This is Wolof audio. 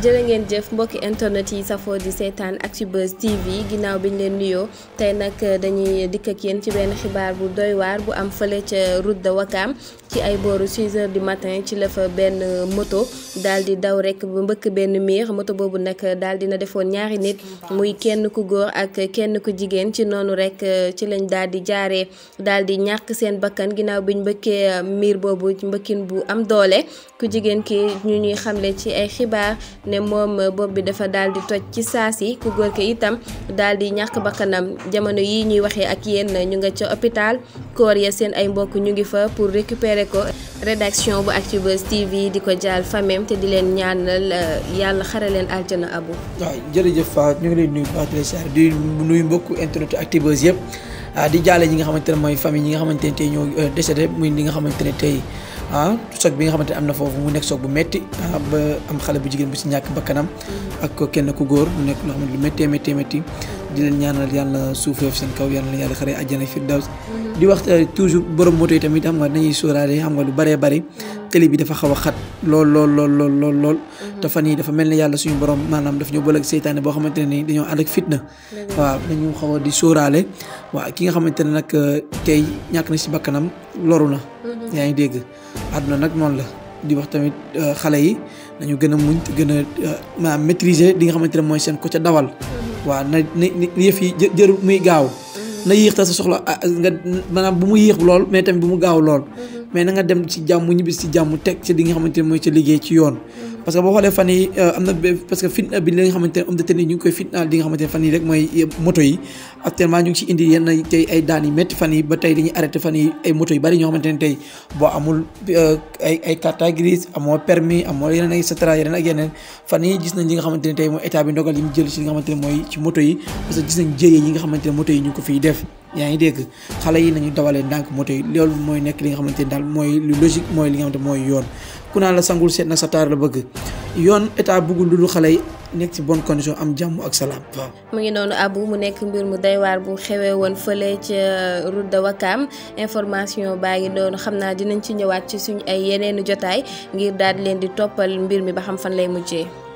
jërë ngeen jëf mbokki internet yi safoo di seetaan Actubuzz TV ginnaaw bi ñu leen nuyoo tey nag dañuy dikk ak yéen ci benn xibaar bu doywaar bu am fële ca route de Wakam ci ay booru 6 heures du matin ci la fa benn moto daal di daw rek ba mbëkk benn miir moto boobu nag daal na defoon ñaari nit muy kenn ku góor ak kenn ku jigéen ci noonu rek eh, ci lañ daal di jaaree daal di ñàkk seen bakkan ginnaaw biñ mbëkkee eh, miir boobu mbëkkin bu am doole ku jigéen ki ñu ñuy xamle ci ay xibaar ne moom eh, bopp bi dafa daal di toj ci saa si ku góor ki itam daal di ñàkk bakkanam jamono yi ñuy waxee ak yenn ñu nga ca hôpital koor ya seen ay mbokk ñu ngi fa pour récupérer ko rédaction bu Actubuzz TV di ko jaal famem te di leen ñaan euh, yàlla xare leen aljana abu waaw jërëjëf Fa euh, ñu ngi leen nuy baax di la siyaar di nuyu mbokku internet Actubuzz yëpp euh, di jaale ñi nga xamante ne mooy famille ñi nga xamante ne tey ñoo décédé muy li nga xamante ne tey ah choc bi nga xamante ne am na foofu mu nekk choc bu métti ah, ba am xale bu jigéen bu si ñàkk bakkanam ak kenn ku góor mu nekk loo xamante lu méttee di leen ñaanal yàlla suufeef seen kaw yàlla yàlla xare àjjana firdaws di wax eh, toujours borom moto yi tamit xam nga nañuy sóoraale xam nga lu bëree bëri télé bi dafa a xat lool lool lool lool lool dafa mel ne yàlla suñu borom maanaam daf ñu bëlag seytaane boo xamante ne ni dañoo ànd ak fitna waaw dañu xaw a di sóoraale waaw ki nga xamante ne nag eh, tey ñàkk na si bakkanam loru na yaa ngi dégg àdduna nag moom la di wax tamit euh, xale yi nañu gën a muñ te gën a euh, maanaam maîtriser li nga xamante ne mooy seen ko ca dawal waaw na na yëf yi jër muy gaaw na yéex ta sa soxla ah nga maanaam bu mu yéex lool mais tamit bu mu gaaw lool mais nanga dem ci jàmm ñibbis ci jàmm teg ci li nga xamante ne mooy ci liggéey ci yoon parce que boo xoolee fan yi euh, am na parce que fitna euh, bi li nga xamante ne homme de tenue ñu ngi koy fitnaal li nga xamante ne fan yi rek mooy euh, moto yi actuellement ñu ngi ci indi yenn tey ay daan yi métti fan yi ba gis nañ li nga xamante ne tey mooy état bi ndogal yi mu jël ci li nga xamante ne mooy ci moto yi parce que gis nañ jéyee yi nga xamante ne moto yi ñu ko fiy def yaa ngi dégg xale yi nañu dawalee ndànk moto yi loolu mooy nekk li nga xamante ni daal mooy lu logique mooy li nga xamante mooy yoon ku naan la sangul seet na sa taar la bëgg yoon état bëggul lu dul xale yi nekk ci bonne condition am jàmm ak salaam. mu ngi noonu abu mu nekk mbir mu doy waar bu xewee woon fële ca route de Wakaam information baa ngi noonu xam naa dinañ ci ñëwaat ci suñ ay yeneeni jotaay ngir daal di leen di toppal mbir mi ba xam fan lay mujjee.